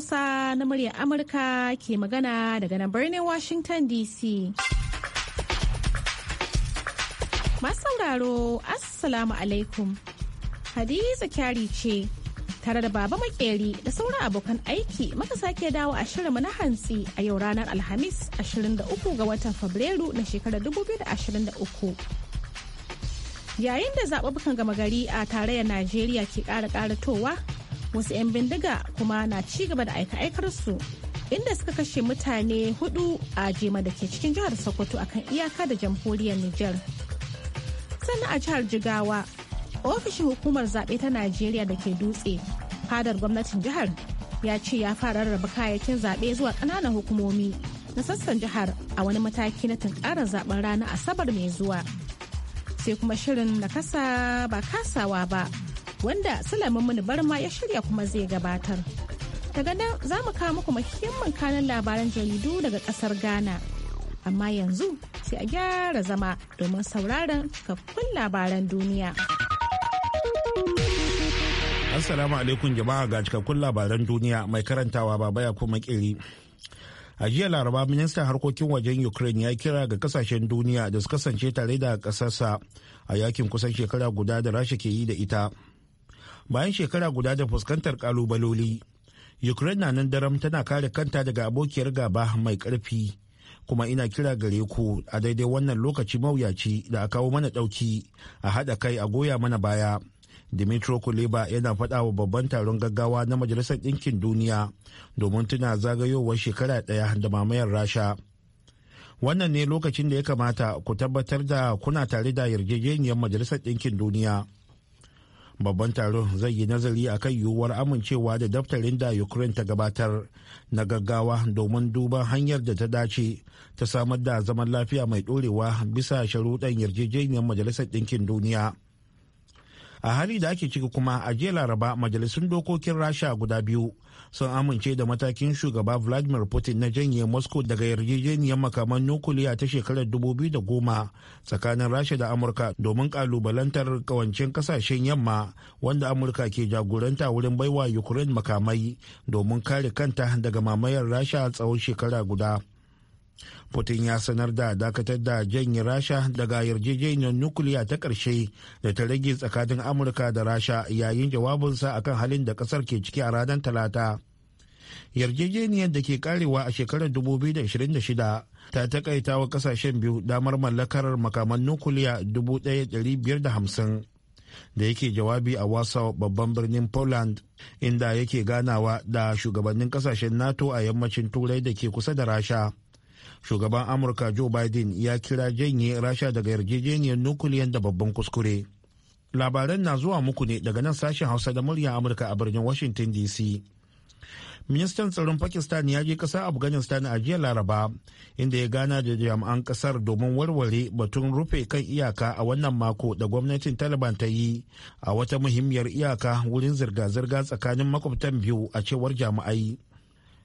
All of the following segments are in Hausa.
Hausa na muryar Amurka ke magana daga nan birnin Washington DC. Masu sauraro, Assalamu alaikum. Hadiza kyari ce tare da baba makeri da sauran abokan aiki maka sake dawo a shirinmu na hantsi a yau ranar Alhamis 23 ga watan Fabrairu na shekarar 2023. yayin da zaɓuɓɓukan gama gari a tarayyar najeriya ke ƙara ƙaratowa wasu 'yan bindiga kuma na ci gaba da aika-aikar su inda suka kashe mutane hudu a jema da ke cikin jihar sokoto akan iyaka da jamhuriyar niger sannan a jihar jigawa ofishin hukumar zaɓe ta najeriya da ke dutse fadar gwamnatin jihar ya ce ya fara rarraba kayayyakin zaɓe zuwa ƙananan hukumomi na sassan jihar a wani mataki na tunkarar zaɓen rana asabar mai zuwa sai kuma shirin na kasa ba kasawa ba wanda Sulaiman Muni Barma ya shirya kuma zai gabatar. Daga nan za mu kawo muku muhimmin kanan labaran jaridu daga kasar Ghana. Amma yanzu sai a gyara zama domin sauraron kafin labaran duniya. Assalamu alaikum jama'a ga cikakkun labaran duniya mai karantawa baba ya kuma kiri. a jiya laraba ministan harkokin wajen ukraine ya kira ga kasashen duniya da su kasance tare da kasarsa a yakin kusan shekara guda da rasha ke yi da ita bayan shekara guda da fuskantar kalubaloli ukraine na nan daram tana kare kanta daga abokiyar gaba mai karfi kuma ina kira gare ku a daidai wannan lokaci mawuyaci da a kawo mana ɗauki a haɗa kai a goya mana baya dimitro kuleba yana faɗa wa babban taron gaggawa na majalisar ɗinkin duniya domin tuna zagayowar shekara ɗaya da mamayar rasha wannan ne lokacin da ya kamata ku tabbatar da kuna tare da yarjejeniyar majalisar ɗinkin duniya babban taron zai yi nazari a kan yiwuwar amincewa da daftarin da ukraine ta gabatar na gaggawa domin duba hanyar da ta dace ta samar da zaman lafiya mai dorewa bisa sharuɗan yarjejeniyar majalisar ɗinkin duniya a hali da ake ciki kuma a jiya laraba majalisun dokokin rasha guda biyu sun amince da matakin shugaba vladimir putin na janye moscow daga yarjejeniyar makaman nukuliya ta shekarar 2010 tsakanin rasha da amurka domin kalubalantar kawancin kasashen yamma wanda amurka ke jagoranta wurin baiwa ukraine makamai domin kare kanta daga mamayar rasha tsawon shekara guda Putin ya sanar da dakatar da janye Rasha daga yarjejeniyar nukiliya ta ƙarshe da ta rage tsakanin Amurka da Rasha yayin jawabinsa akan halin da ƙasar ke ciki a ranar Talata. Yarjejeniyar da ke karewa a shekarar 2026 ta takaita wa ƙasashen biyu damar mallakar makaman nukuliya 1,550. da yake jawabi a wasa babban birnin Poland inda yake ganawa da shugabannin kasashen NATO a yammacin Turai da ke kusa da Rasha. shugaban amurka joe biden ya kira janye rasha daga yarjejeniyar nukuliyar da babban kuskure labaran na zuwa muku ne daga nan sashen hausa da murya amurka a birnin washington dc ministan tsaron pakistan ya je kasar afghanistan a jiya laraba inda ya gana da jami'an kasar domin warware batun rufe kan iyaka a wannan mako da gwamnatin taliban ta yi a wata muhimmiyar iyaka wurin zirga-zirga tsakanin makwabtan biyu a cewar jami'ai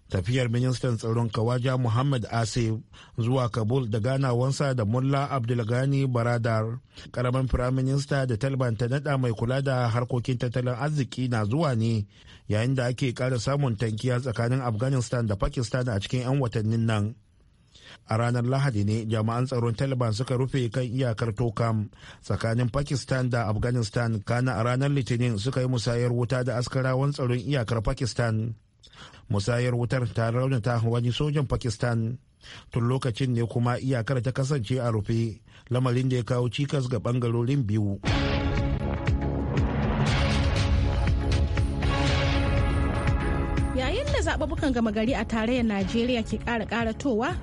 tafiyar ministan tsaron kawaja muhammad asif zuwa kabul da ganawansa da mulla abdulgani baradar karamin firaminista da taliban ta nada mai kula da harkokin tattalin arziki na zuwa ne yayin da ake kara samun tankiya tsakanin afghanistan da pakistan a cikin 'yan watannin nan a ranar lahadi ne jami'an tsaron taliban suka rufe kan iyakar tokam tsakanin pakistan da afghanistan kana a ranar litinin suka yi musayar wuta da askarawan tsaron iyakar pakistan musayar wutar ta raunata wani sojan pakistan tun lokacin ne kuma iyakar ta kasance a rufe lamarin da ya kawo cikas ga bangarorin biyu yayin da zababukan gama gari a tarayyar najeriya ke kara ƙaratowa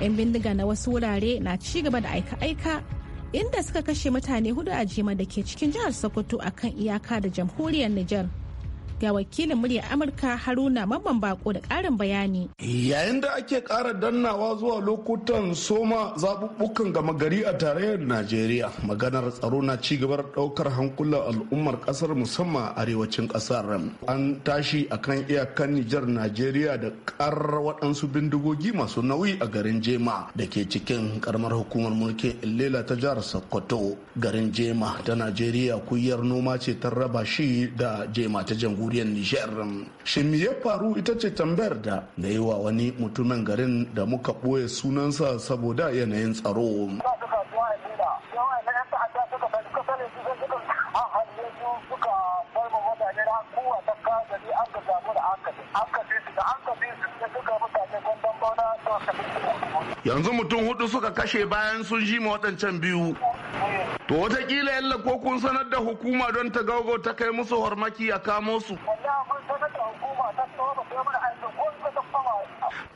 'yan bindiga na wasu wurare na ci gaba da aika-aika inda suka kashe mutane hudu a jima da ke cikin jihar sokoto akan iyaka da jamhuriyar nijar ga wakilin murya Amurka Haruna Mamman Bako da ƙarin bayani. Yayin da ake kara dannawa zuwa lokutan soma zaɓuɓɓukan gama gari a tarayyar Najeriya, maganar tsaro na ci gabar ɗaukar hankulan al'ummar ƙasar musamman arewacin ƙasar. An tashi akan iyakan Nijar Najeriya da ƙarar waɗansu bindigogi masu nauyi a garin Jema da ke cikin ƙaramar hukumar mulkin Illela ta jihar Sokoto. Garin Jema ta Najeriya kuyar noma ce ta raba shi da Jema ta jangu. jamhuriyar Nijar. Shin me ya faru ita ce tambayar da da yi wa wani mutumin garin da muka ɓoye sunansa saboda yanayin tsaro. Yanzu mutum hudu suka kashe bayan sun shi waɗancan biyu. To wataƙila yalla ko kun sanar da hukuma don ta gaugo ta kai musu hormaki a kamo su. Wallahi mun sanar da hukuma ta tsawo ba kai mana aikin ko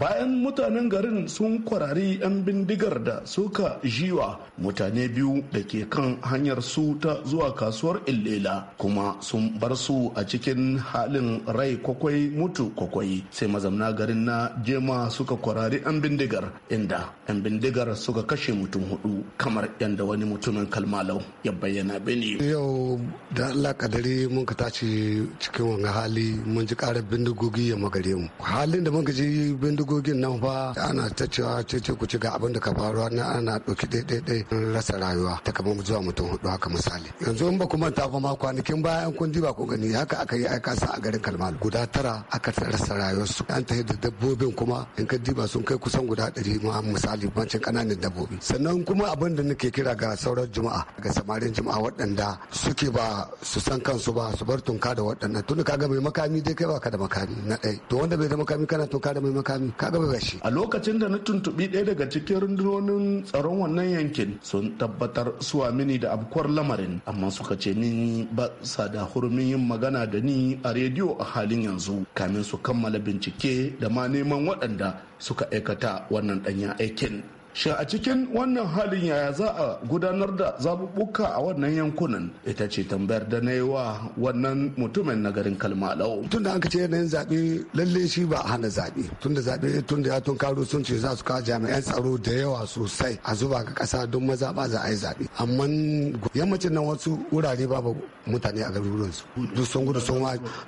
bayan mutanen garin sun kwarari 'yan bindigar da suka jiwa mutane biyu da ke kan hanyar su ta zuwa kasuwar illela kuma sun bar su a cikin halin rai kwakwai mutu kwakwai sai mazamna garin na jema suka kwarari 'yan bindigar inda 'yan bindigar suka kashe mutum hudu kamar yadda wani mutumin kalmalau ya bayyana bene yau da allah kadari mun ka tashi cikin wani hali mun ji karar bindigogi ya magare mu halin da muka ji bindigogin nan fa ana ta cewa cece ku ci ga abin da ka faruwa na ana ɗauki an rasa rayuwa ta kamar zuwa mutum hudu haka misali yanzu in ba ku manta fa ma kwanakin bayan kun ba ku gani haka aka yi aika sa a garin kalmal guda tara aka rasa rayuwarsu an ta da dabbobin kuma in ka diba sun kai kusan guda ɗari ma misali bancin ƙananan dabbobi sannan kuma abin da nake kira ga sauran juma'a ga samarin juma'a waɗanda suke ba su san kansu ba su bar tunka da waɗannan tun kaga mai makami dai kai ba ka da makami na ɗaya to wanda bai da makami kana tunka da mai makami kan ka a lokacin da na tuntuɓi ɗaya daga cikin rundunonin tsaron wannan yankin sun tabbatar suwa mini da abkuwar lamarin amma suka ce ni ba sa da hurumin yin magana da ni a rediyo a halin yanzu kamin su kammala bincike da ma neman waɗanda suka aikata wannan ɗanyen aikin Shin a cikin wannan halin yaya za a gudanar da zaɓuɓɓuka a wannan yankunan ita ce tambayar da na yi wa wannan mutumin na garin Kalmalau. Tun da an ce yanayin zabe, lalle shi ba hana zabe. Tun da zaɓe tun da ya tun karo sun ce za su kawo jami'an tsaro da yawa sosai a zuba ga ƙasa don maza ba za a yi zaɓe. Amma yammacin nan wasu wurare babu mutane a su. Duk sun gudu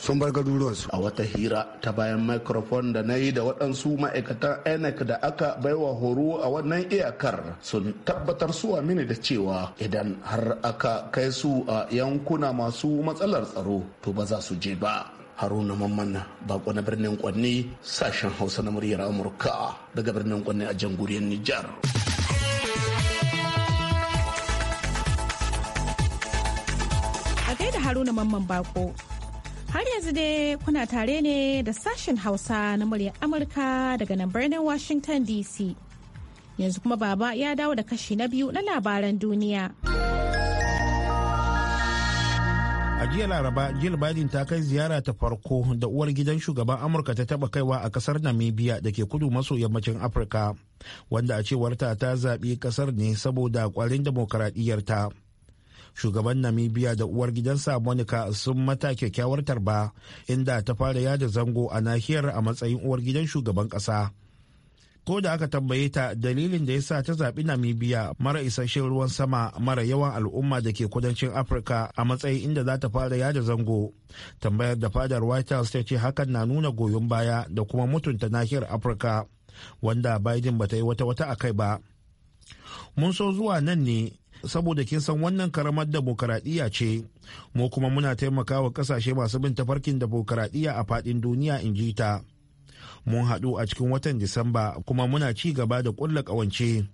sun bar garuruwansu. A wata hira ta bayan microphone da na yi da waɗansu ma'aikatan ENEC da aka baiwa horo a wannan 'yan iyakar sun tabbatar suwa mini da cewa idan har aka kai su a yankuna masu matsalar tsaro to ba za su je ba haruna mamman bako na birnin kwanne sashen hausa na muryar amurka daga birnin kwanne a jamhuriyar nijar a gaida haruna mamman bako Har yanzu dai kuna tare ne da sashen Hausa na muryar Amurka daga nan birnin Washington DC. yanzu kuma baba ya dawo da kashi na biyu na labaran duniya. a jiya laraba jill biden ta kai ziyara ta farko da uwar gidan shugaban amurka ta taba kaiwa a kasar namibia da ke kudu maso yammacin afirka wanda a cewarta ta zaɓi kasar ne saboda kwarin demokaradiyyarta shugaban namibia da uwar gidansa monica sun mata kyakkyawar tarba inda ta fara yada zango a nahiyar a matsayin uwar gidan shugaban ƙasa ko da aka tambaye ta dalilin da ya sa ta zaɓi namibia mara isasshen ruwan sama mara yawan al'umma da ke kudancin afirka a matsayin inda za ta fara yada zango tambayar da fadar white house ta ce hakan na nuna goyon baya da kuma mutunta nahiyar afirka wanda biden bata yi wata wata a kai ba mun so zuwa nan ne saboda kin san wannan karamar demokaradiyya ce mu kuma muna taimakawa kasashe masu bin tafarkin demokaradiyya a fadin duniya in ji ta mun haɗu a cikin watan disamba kuma muna ci gaba da ƙulla ƙawance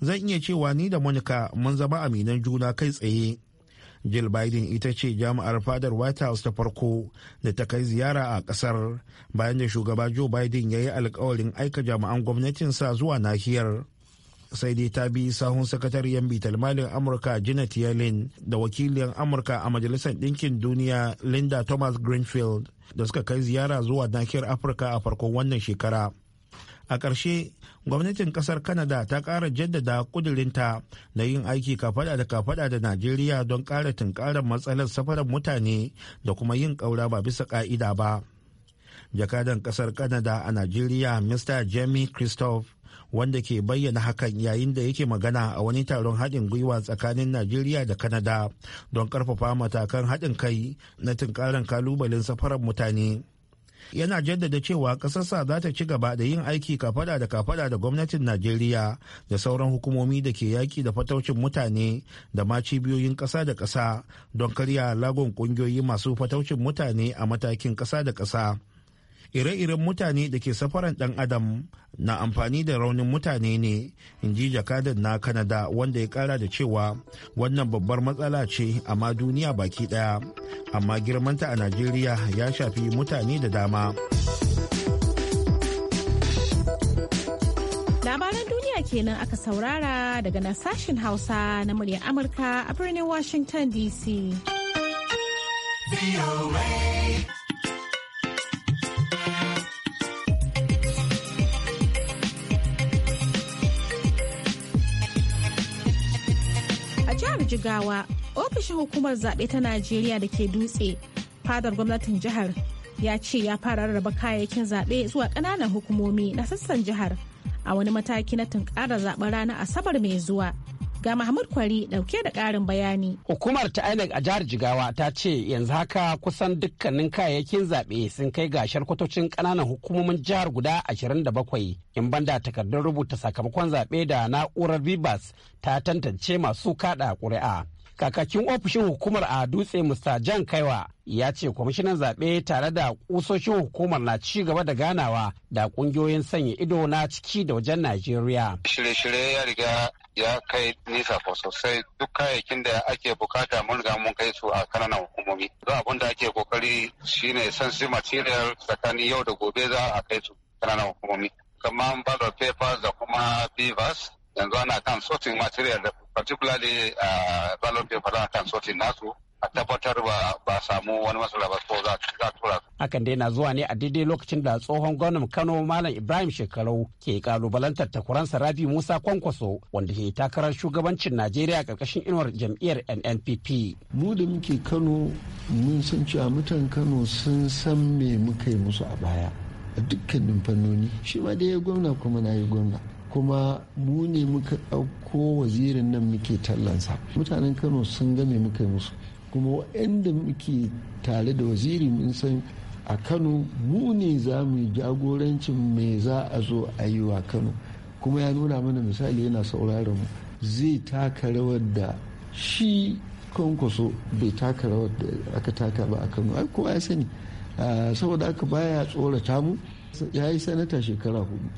zan iya cewa ni da monica mun zama aminan juna kai tsaye jill biden ita ce jami'ar fadar white house ta farko da ta kai ziyara a ƙasar bayan da shugaba joe biden ya yi alkawarin aika jami'an gwamnatinsa zuwa nahiyar sai dai ta bi sahun sakatariyar bitar malin amurka janet yellen da wakiliyar amurka a majalisar ɗinkin duniya linda thomas greenfield da suka kai ziyara zuwa nahiyar afirka a farkon wannan shekara a ƙarshe gwamnatin ƙasar canada ta ƙara jaddada ƙudurinta na yin aiki kafada da kafada da najeriya don ƙara tunkarar matsalar safarar mutane da kuma yin ƙaura ba bisa ƙa'ida ba jakadan ƙasar canada a najeriya mr jamie christophe wanda ke bayyana hakan yayin da yake magana a wani taron haɗin gwiwa tsakanin najeriya da kanada don ƙarfafa matakan haɗin kai na tunkarin kalubalen safarar mutane yana jaddada cewa ƙasarsa za ta ci gaba da yin aiki kafada da kafada da gwamnatin najeriya da sauran hukumomi da ke yaƙi da fataucin mutane da ma cibiyoyin ƙasa da ƙasa don karya lagon ƙungiyoyi masu fataucin mutane a matakin ƙasa da ƙasa ire-iren mutane da ke safaran dan adam na amfani da raunin mutane ne in ji jakadan na kanada wanda ya kara da cewa wannan babbar matsala ce amma duniya baki daya amma girmanta a najeriya ya shafi mutane da dama labaran duniya kenan aka saurara daga nan sashen hausa na muryar amurka a birnin washington dc jigawa ofishin hukumar zaɓe ta najeriya da ke dutse fadar gwamnatin jihar ya ce ya fara rarraba kayayyakin zaɓe zuwa ƙananan hukumomi na sassan jihar a wani mataki na tunƙara zaɓen ranar asabar mai zuwa Ga Mahmud Kwari dauke da ƙarin bayani. Hukumar ta INEC a jihar Jigawa ta ce yanzu haka kusan dukkanin kayayyakin zaɓe sun kai ga sharkwatocin ƙananan hukumomin jihar guda 27 in banda takardun rubuta sakamakon zaɓe da na'urar Vibas ta tantance masu kaɗa ƙuri'a. kakakin ofishin hukumar a dutse mr jan kaiwa ya ce kwamishinan zaɓe tare da ƙusoshin hukumar na ci gaba da ganawa da ƙungiyoyin sanya ido na ciki da wajen najeriya shirye-shirye ya riga ya kai nisa sosai duk kayayyakin da ake bukata mun riga mun kai su a kananan hukumomi don abin da ake kokari shine sensitive material tsakanin yau da gobe za a kai su kananan hukumomi kamar ballot papers da kuma beavers yanzu ana kan sorting material particularly a uh, ballot paper ana kan sorting nasu a tabbatar ba ba samu wani matsala ba ko za a tura hakan dai na zuwa ne a daidai lokacin da tsohon gwamnan Kano Malam Ibrahim Shekarau ke kalubalantar takuransa Rabi Musa Kwankwaso wanda ke takarar shugabancin Najeriya karkashin inuwar jam'iyyar NNPP mu da muke Kano mun san cewa mutan Kano sun san me muka yi musu a baya a dukkanin fannoni shi ma dai ya gwamna kuma na yi gwamna kuma mu ne muka ɗauko wazirin nan muke tallansa mutanen kano sun game muka musu kuma waɗanda muke tare da waziri mun san a kano mu ne za mu yi jagorancin me za a zo a yi wa kano kuma ya nuna mana misali yana sauraron mu zai taka rawar da shi kwankwaso bai taka rawar da aka taka ba a kano ai kowa ya sani ah, saboda aka baya tsorata mu ya yi sanata shekara hudu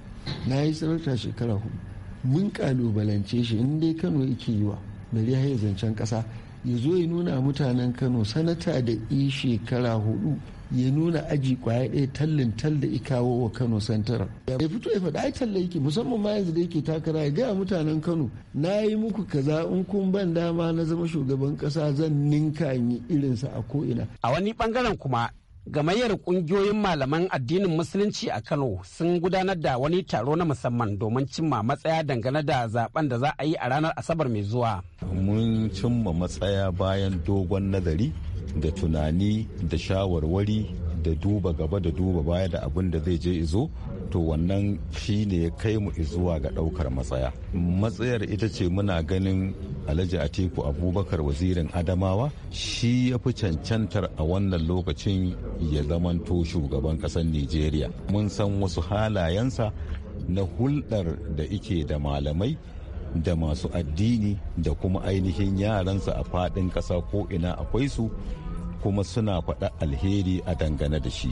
na yi sarauta shekara hudu mun kalubalance shi in dai kano yake yi wa bari ya zancen kasa ya zo ya nuna mutanen kano sanata da i shekara hudu ya nuna aji kwaya ɗaya tallin tal da ikawo wa kano santara ya fito ya faɗa ai talla yake musamman ma yanzu da yake takara ya gaya mutanen kano na yi muku kaza in kun ban dama na zama shugaban ƙasa zan ninka yi irinsa a ko'ina a wani bangaren kuma Gamayyar ƙungiyoyin malaman addinin Musulunci a Kano sun gudanar da wani taro na musamman domin cimma matsaya dangane da zaben da za a yi a ranar Asabar mai zuwa. Mun cimma matsaya bayan dogon nazari da tunani da shawarwari da duba gaba da duba baya da abin da zai je izo to wannan shi ne ya kai mu izuwa ga ɗaukar matsaya matsayar ita ce muna ganin alhaji atiku abubakar wazirin adamawa shi ya fi cancantar a wannan lokacin ya zamanto shugaban ƙasar nigeria mun san wasu halayensa na hulɗar da ike da malamai da masu addini da kuma ainihin yaransa a faɗin ƙasa ko ina akwai su kuma suna faɗa alheri a dangane da shi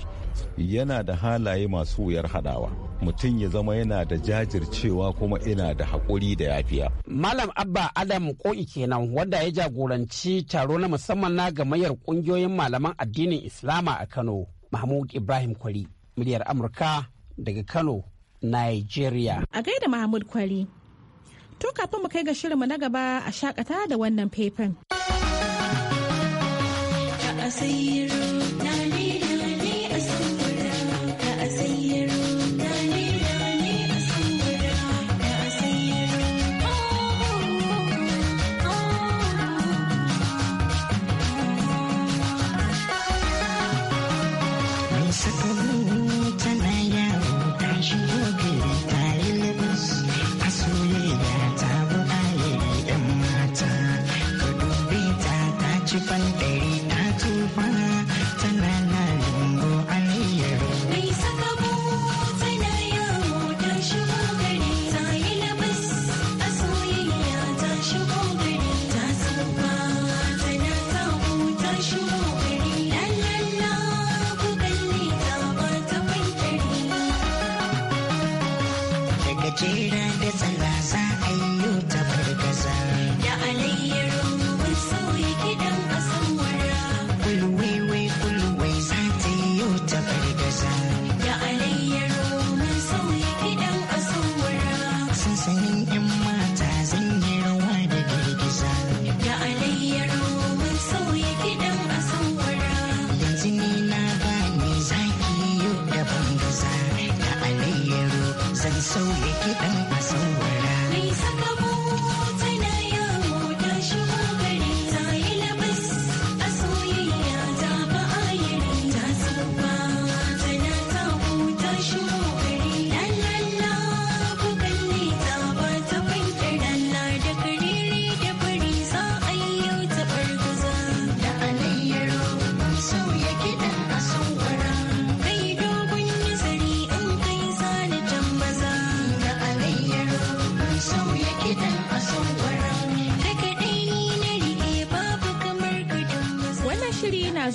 yana da halaye masu wuyar haɗawa mutum ya zama yana da jajircewa kuma ina da haƙuri da yafiya. Malam Abba Adam Ko'i kenan wanda ya jagoranci taro na musamman na gamayyar ƙungiyoyin malaman addinin Islama a Kano. Mahmud Ibrahim Kwari, miliyar Amurka daga Kano, Nigeria. A gaida Mahmud Kwari, to kafin mu kai ga shirinmu na gaba a shakata da wannan faifan. sai ruwa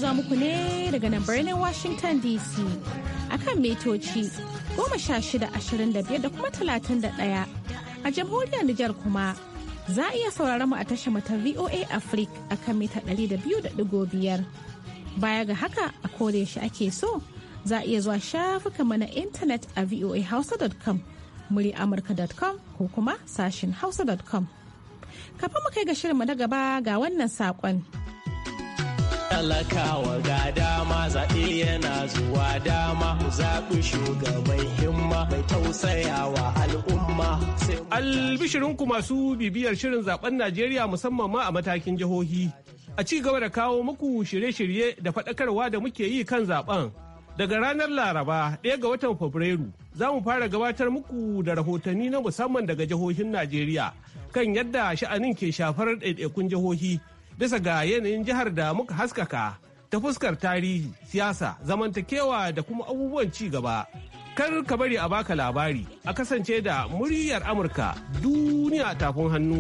zo muku ne daga nan birnin Washington DC akan metoci 1625 da kuma 31 a jamhuriyar Nijar kuma za a iya sauraron mu a tashar mata VOA Africa akan mita 200.5 baya ga haka a kore shi ake so za a iya zuwa shafukanmu na intanet a voahausa.com amurka.com ko kuma sashin hausa.com kafin mu kai ga shirinmu na gaba ga wannan saƙon. talakawa ga dama zaɓe yana zuwa dama ku zaɓi shugaban himma mai tausayawa al'umma. Albishirinku masu bibiyar shirin zaɓen Najeriya musamman ma a matakin jihohi. A ci gaba da kawo muku shirye-shirye da faɗakarwa da muke yi kan zaɓen. Daga ranar Laraba ɗaya ga watan Fabrairu za mu fara gabatar muku da rahotanni na musamman daga jihohin Najeriya kan yadda sha'anin ke shafar ɗaiɗaikun jihohi bisa ga yanayin jihar da muka haskaka ta fuskar tarihi siyasa zamantakewa da kuma abubuwan ci gaba kar ka bari a baka labari a kasance da muryar amurka duniya tafin hannu.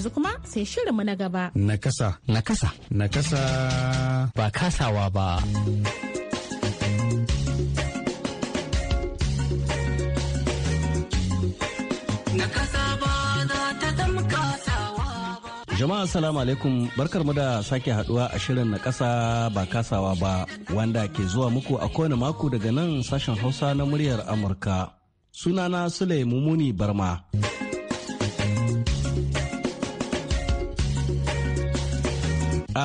yanzu kuma sai shirinmu na gaba. Nakasa. Nakasa. Nakasa. Ba kasawa ba. Jama'a salamu alaikum barkar mu da sake haduwa a shirin na kasa ba kasawa ba wanda ke zuwa muku a kowane mako daga nan sashen hausa na muryar Amurka. Sunana Sule Mumuni Barma.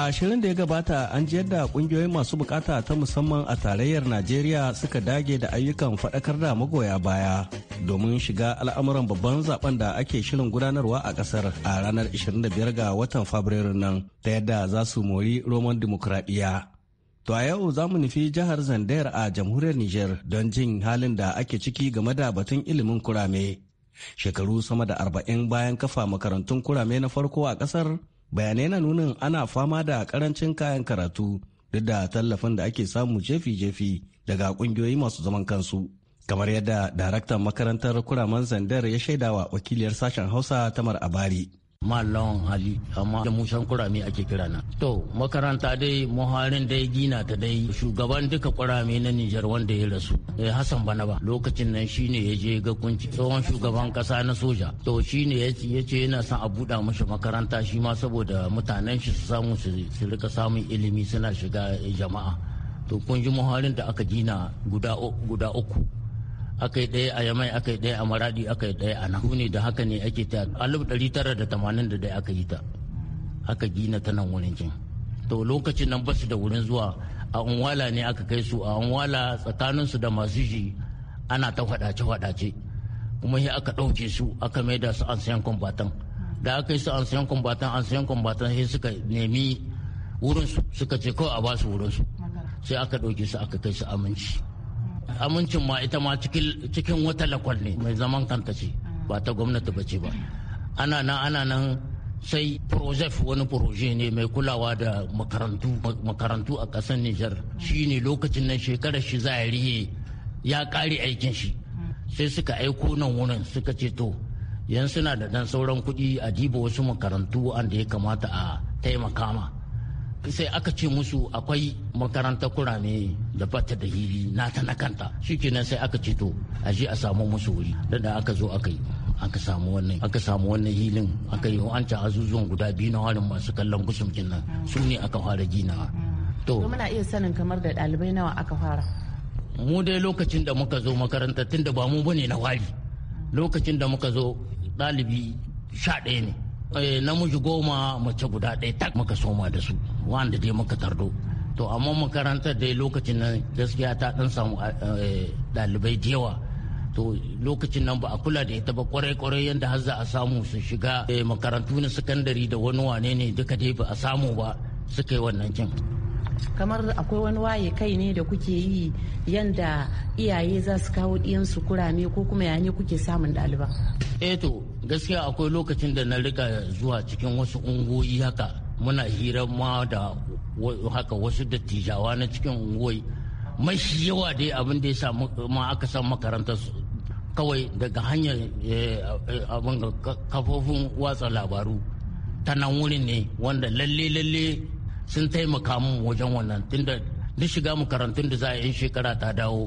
a shirin da ya gabata an ji yadda kungiyoyin masu bukata ta musamman a tarayyar najeriya suka dage da ayyukan faɗakar da magoya baya domin shiga al'amuran babban zaben da ake shirin gudanarwa a ƙasar a ranar 25 ga watan fabrairu nan ta yadda za su mori roman dimokuraɗiyya To a yau za mu nufi jihar Zandayar a jamhuriyar Nijar don jin halin da ake ciki game da batun ilimin kurame. Shekaru sama da arba'in bayan kafa makarantun kurame na farko a ƙasar bayanai na nunin ana fama da karancin kayan karatu duk da tallafin da ake samu jefi-jefi daga kungiyoyi masu zaman kansu kamar yadda daraktan makarantar kuraman zandar ya shaidawa wakiliyar sashen hausa tamar abari malon hali amma da musan kurame ake kira na to makaranta dai muharin dai gina ta dai shugaban duka kurame na Nijar wanda ya rasu eh, Hassan bana ba lokacin nan shine ya je ga kunci tsohon shugaban kasa na soja to shine ya ce yana son a buɗa mashi makaranta shi ma saboda mutanen shi su samu su rika samun ilimi suna shiga eh, jama'a to kun ji muharin da aka gina guda uku Aka yi ɗaya a yamai aka yi ɗaya a maradi aka yi ɗaya a nahu ne da haka ne ake ta alif ɗari tara da tamanin da ɗaya aka yi ta aka gina ta nan wurin kin to lokacin nan basu da wurin zuwa a unwala ne aka kai su a unwala tsakanin su da masu shi ana ta faɗace faɗace kuma sai aka ɗauke su aka da su an sayan kwambatan da aka yi su an sayan kwambatan an sayan kwambatan sai suka nemi wurin su suka ce kawai a basu wurin su sai aka ɗauke su aka kai su aminci amincin ma ita ma cikin wata lakwal ne mai zaman kanta ce ba ta gwamnati ba ce ba ana nan ana nan sai projef wani proje ne mai kulawa da makarantu makarantu a ƙasar nijar shi ne lokacin nan shekarar shi za a riye ya kare aikin shi sai suka aiko nan wurin suka ce to yan suna da dan sauran kuɗi a diba wasu makarantu wanda ya kamata a taimaka ma sai aka ce musu akwai makaranta kurame da bata da hili nata na kanta shikenan sai aka ce to a je a samu musu wuri da aka zo aka yi aka samu wannan aka samu wannan hilin aka yi an wancan azuzuwan guda biyu na harin masu kallon kusum nan su ne aka fara gina to muna iya sanin kamar da ɗalibai nawa aka fara mu dai lokacin da muka zo makaranta tun da ba mu bane na wari lokacin da muka zo ɗalibi sha ɗaya ne Eh, namiji goma mace guda ɗaya tak maka soma da su wanda dai maka tardo to amma makarantar dai lokacin nan gaskiya ta ɗan samu eh, ɗalibai da yawa to lokacin nan ba a kula da ita ba kwarai-kwarai yadda har za a samu su shiga eh, makarantu na sakandare da wani wane ne duka dai ba a samu ba suka yi wannan kin kamar akwai wani waye kai ne da kuke yi yanda iyaye za su kawo su kurame ko kuma yane kuke samun eh eto gaskiya akwai lokacin da na rika zuwa cikin wasu ungoyi haka muna hira ma da haka wasu dattijawa na cikin ungoyi mashi yawa dai abin da ya samu ma aka san makarantar kawai daga hanyar eh, abin kafofin watsa labaru ta nan wurin ne wanda lalle lalle sun taimaka mu wajen wannan tunda duk shiga makarantun da za a yi shekara ta dawo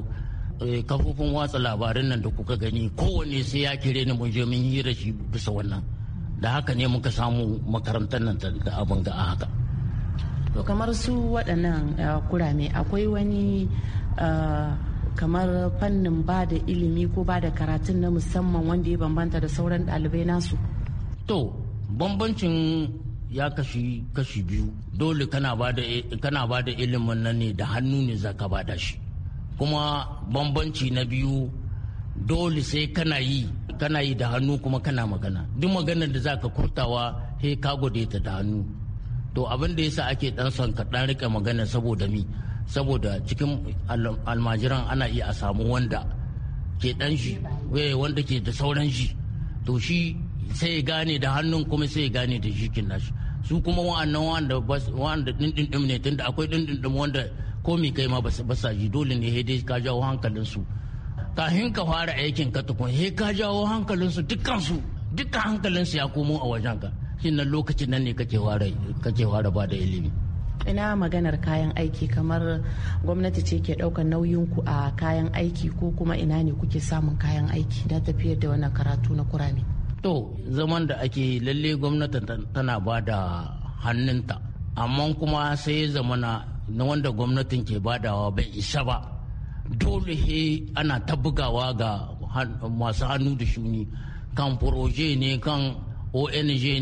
Eh, kafofin watsa labarin nan da kuka gani kowane sai ya kire ni mun je mun hira shi bisa wannan da haka ne muka samu makarantar nan da abin ga haka to kamar su waɗannan eh, kurame akwai wani eh, kamar fannin ba da ilimi ko ba da karatun na musamman wanda ya bambanta da sauran ɗalibai nasu to bambancin ya kashi kashi biyu dole kana ba da ilimin nan ne da hannu ne za ka ba da shi kuma bambanci na biyu dole sai kana yi kana yi da hannu kuma kana magana duk maganar da za ka kurtawa he ka gode ta da hannu to abin da yasa ake dan son ka dan rike magana saboda mi saboda cikin almajiran ana iya a samu wanda ke dan shi eh, wanda ke da sauran shi to shi sai ya gane da hannun kuma sai ya gane da jikin nashi su kuma wa'annan wanda wanda dindindim ne tunda akwai dindindim wanda komi kai ma ba sa ji dole ne he dai ka jawo hankalin su kafin ka fara aikin ka tukun he ka jawo hankalin su dukkan su dukkan hankalin su ya komo a wajen ka shin nan lokacin nan ne kake fara kake fara ba da ilimi ina maganar kayan aiki kamar gwamnati ce ke ɗaukar nauyin ku a kayan aiki ko kuma ina ne kuke samun kayan aiki da tafiyar da wannan karatu na kurame to zaman da ake lalle gwamnati tana ba da hannunta amma kuma sai zamana na wanda gwamnatin ke badawa bai isa ba dole he ana ta bugawa ga masu hannu da shuni kan furoje ne kan ong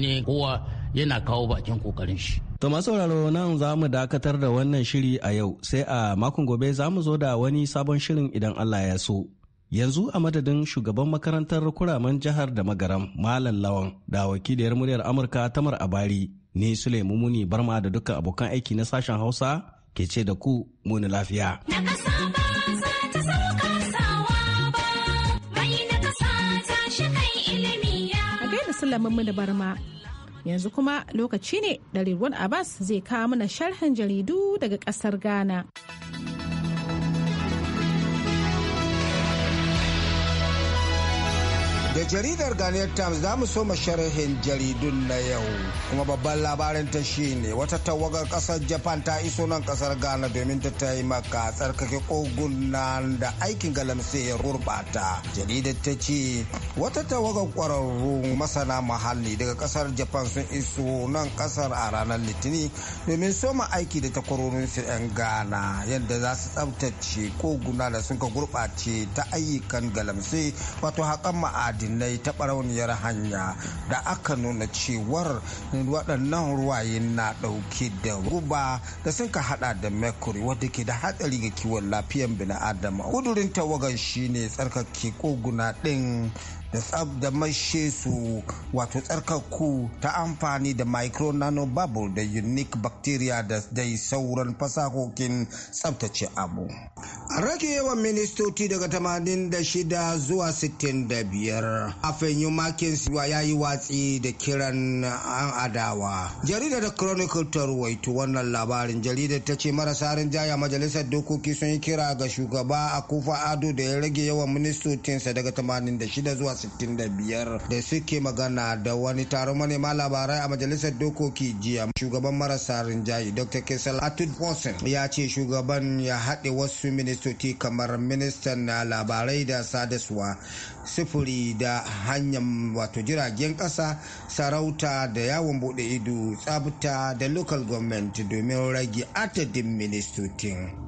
ne kowa yana kawo bakin kokarin shi To masu sauraro nan za mu dakatar da wannan shiri a yau sai a makon gobe za mu zo da wani sabon shirin idan Allah ya so. Yanzu a madadin shugaban makarantar kuraman jihar da magaram Malam Lawan da wakiliyar muryar Amurka Tamar Abari ne Sulaimu Muni Barma da duka abokan aiki na sashen Hausa ke ce da ku muni lafiya. Sulamin mu da barma yanzu kuma lokaci ne da Rilwan Abbas zai kawo mana sharhin jaridu daga ƙasar Ghana. jaridar Ghanaian Times za mu so sharhin jaridun na yau. Kuma babban labarin ta shine wata tawagar kasar Japan ta iso nan kasar Ghana domin ta taimaka tsarkake kogun da aikin galamse ya gurbata. Jaridar ta ce wata tawagar kwararru masana muhalli daga kasar Japan sun iso nan kasar a ranar Litinin domin soma aiki da takwarorin su 'yan Ghana yadda za su tsabtace koguna da sun ka gurbace ta ayyukan galamse wato haƙan ma'adin bayanai ta barauniyar hanya da aka nuna cewar waɗannan ruwaye na ɗauke da ruba da sun ka hada da mercury wadda ke da hatsari ga kiwon lafiyan adama. kudurin tawagar shine tsarkake koguna ɗin da tsab da mashe su wato tsarkaku ta amfani da micro nanobubble da unique bacteria da dai sauran fasahokin tsabtace abu A rage yawan ministoci daga 86 zuwa 65 a fenyu makins ya yi watsi da kiran an adawa jaridar da chronicle ta ruwaito wannan labarin jaridar ta ce marasa rinjaya majalisar dokoki sun yi kira ga shugaba a kufa ado da ya rage yawan ministocinsa daga 86 zuwa 65 da suke magana da wani taron manema labarai a majalisar dokoki jiya shugaban marasa rinjaye dr kesal atud Wilson ya ce shugaban ya haɗe wasu ministoci kamar ministan na labarai da sadaswa sufuri da hanyar wato jiragen ƙasa sarauta da yawon bude ido tsabta da local government domin rage atadin ministocin.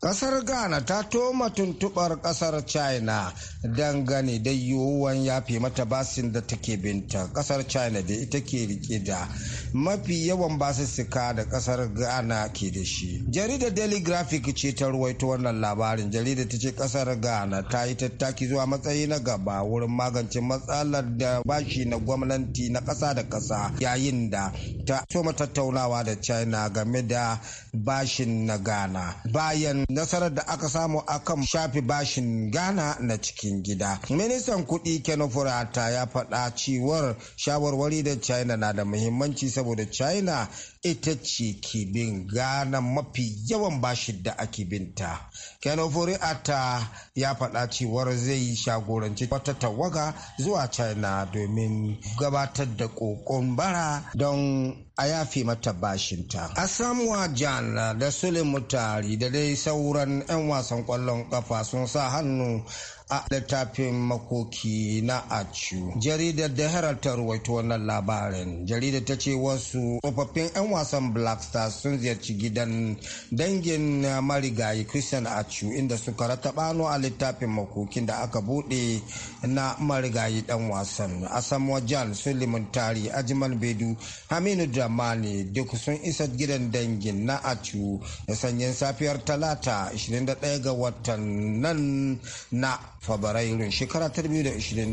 Kasar Ghana ta toma tuntubar kasar China dangane da yiwuwan yafe mata basin da take binta. Kasar China da ita ke rike da mafi yawan basussuka da kasar Ghana ke da shi. Jaridar Daily Graphic ce ta ruwaito wannan labarin. Jaridar ta ce kasar Ghana ta yi tattaki zuwa matsayi na gaba wurin magance matsalar da bashi na gwamnati na kasa da kasa yayin da ta tattaunawa da China game da bashin na Ghana. Bayan nasarar da aka samu akan shafi bashin ghana na cikin gida ministan kuɗi kenofurata ya faɗa cewar shawarwari da china na da muhimmanci saboda china ita ce ke bin ghana mafi yawan bashi da ake binta kenofurata ya faɗa cewar zai yi shagoranci wata tawaga zuwa china domin gabatar da kokon bara don a yafi mata bashinta. samuwa Jan da Sule Mutari da dai sauran 'yan wasan kwallon kafa sun sa hannu a littafin makoki na achu jaridar da herald ta ruwaito wannan labarin jaridar ta ce wasu tsofaffin 'yan wasan black stars sun ziyarci gidan dangin marigayi christian achu inda suka bano a littafin makokin da aka bude na marigayi dan wasan asamuwa jan suleiman tari ajiman bedu Aminu dramani duk sun isa gidan dangin na acu da sanyin safiyar talata 21 ga watan nan na fabrairun shekara ta biyu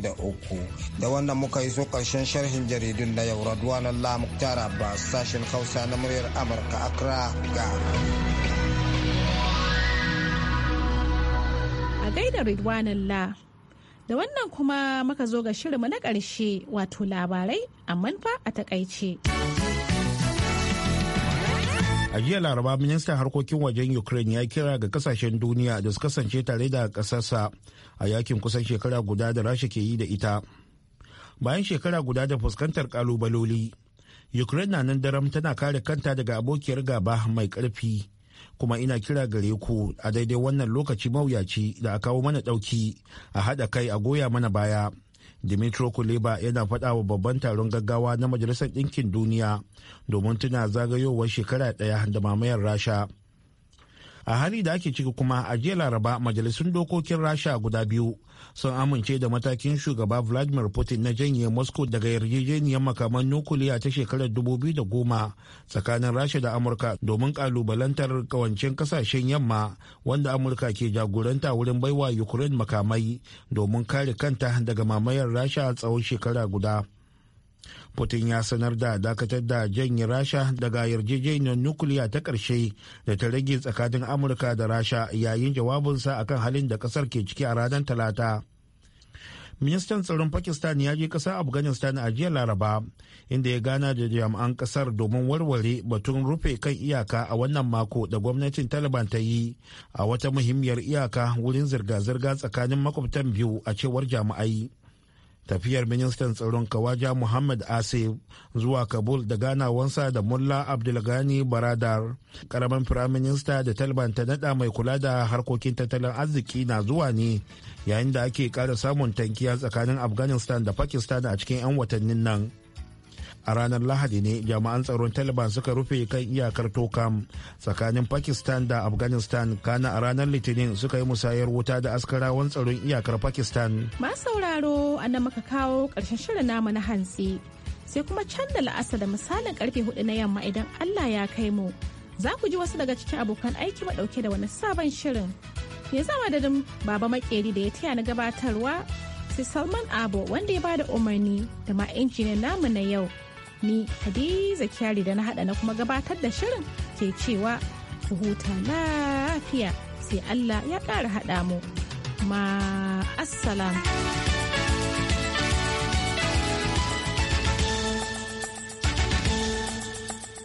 da uku da wannan muka yi so karshen sharhin jaridun na yau radwan allah muktar abbas sashen hausa na muryar amurka accra ga a gaida radwan allah da wannan kuma muka zo ga shirinmu na karshe wato labarai a fa a takaice. a jiya laraba ministan harkokin wajen ukraine ya kira ga kasashen duniya da su kasance tare da kasarsa a yakin kusan shekara guda da rasha ke yi da ita bayan shekara guda da fuskantar kalubaloli ukraine na nan daram tana kare kanta daga abokiyar gaba mai karfi kuma ina kira gare ku a daidai wannan lokaci mawuyaci da a kawo mana dauki a haɗa kai a goya mana baya dimitro kuleba yana faɗa wa babban taron gaggawa na majalisar ɗinkin duniya domin tuna zagayowar shekara ɗaya da mamayar rasha a hali da ake ciki kuma a jiya laraba majalisun dokokin rasha guda biyu sun amince da matakin shugaba vladimir putin na janye moscow daga yarjejeniyar makaman nukuliya ta shekarar 2010 tsakanin rasha da amurka domin kalubalantar kawancin kasashen yamma wanda amurka ke jagoranta wurin baiwa ukraine makamai domin kare kanta daga mamayar rasha tsawon shekara guda putin ya sanar da dakatar da janye rasha daga yarjejeniyar nukiliya ta karshe da ta rage tsakanin amurka da rasha yayin jawabinsa akan halin da ƙasar ke ciki a ranar talata ministan tsaron pakistan ya je ƙasar afghanistan a jiya laraba inda ya gana da jami'an ƙasar domin warware batun rufe kan iyaka a wannan mako da gwamnatin taliban ta yi a wata muhimmiyar iyaka wurin zirga-zirga tsakanin makwabtan biyu a cewar jami'ai tafiyar ministan tsaron kawaja muhammad asif zuwa kabul da gana wansa da mullah abdulgani baradar karamin firaminista da taliban ta nada mai kula da harkokin tattalin arziki na zuwa ne yayin da ake kara samun tankiya tsakanin afghanistan da pakistan a cikin 'yan watannin nan a ranar lahadi ne jami'an tsaron taliban suka rufe kan iyakar tokam tsakanin pakistan da afghanistan kana a ranar litinin suka yi musayar wuta da askarawan tsaron iyakar pakistan masu sauraro a nan muka kawo karshen shirin namu na hantsi sai kuma can da la'asa da misalin karfe hudu na yamma idan allah ya kai mu za ku ji wasu daga cikin abokan aiki ɗauke da wani sabon shirin ya zama da baba makeri da ya taya na gabatarwa sai salman abo wanda ya bada umarni da ma injiniyan namu na yau ni hadiza kyari da na hada na kuma gabatar da shirin ke cewa ku huta lafiya sai allah ya ƙara haɗa mu ma